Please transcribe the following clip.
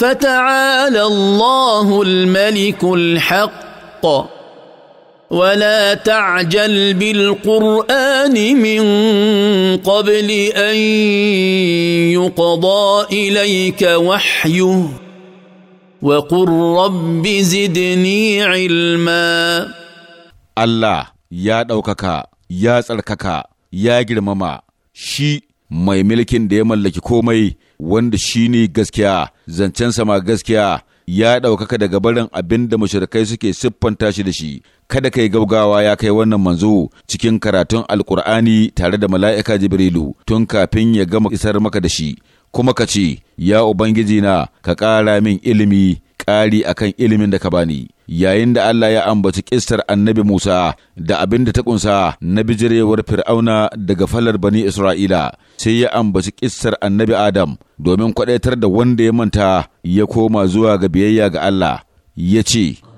فتعالى الله الملك الحق ولا تعجل بالقران من قبل ان يقضى اليك وحيه وقل رب زدني علما الله يا دوكاكا يا سلكك يا جرماما شي mai mulkin da ya mallaki komai wanda shi ne gaskiya zancensa ma gaskiya ya ɗaukaka daga barin abin da mashirkai suke siffanta shi da shi kada kai gaugawa ya kai wannan manzo cikin karatun alkur'ani tare da mala'ika jibrilu tun kafin ya gama isar maka da shi kuma ka ce ya ubangiji na ka ƙara min ilimi ƙari akan ilimin da ka bani yayin da Allah ya ambaci kistar annabi Musa da abin da ta ƙunsa na bijirewar Fir'auna daga falar bani Isra'ila sai ya ambaci ƙistar annabi Adam domin kwaɗaitar da wanda ya manta ya koma zuwa ga biyayya ga Allah ya ce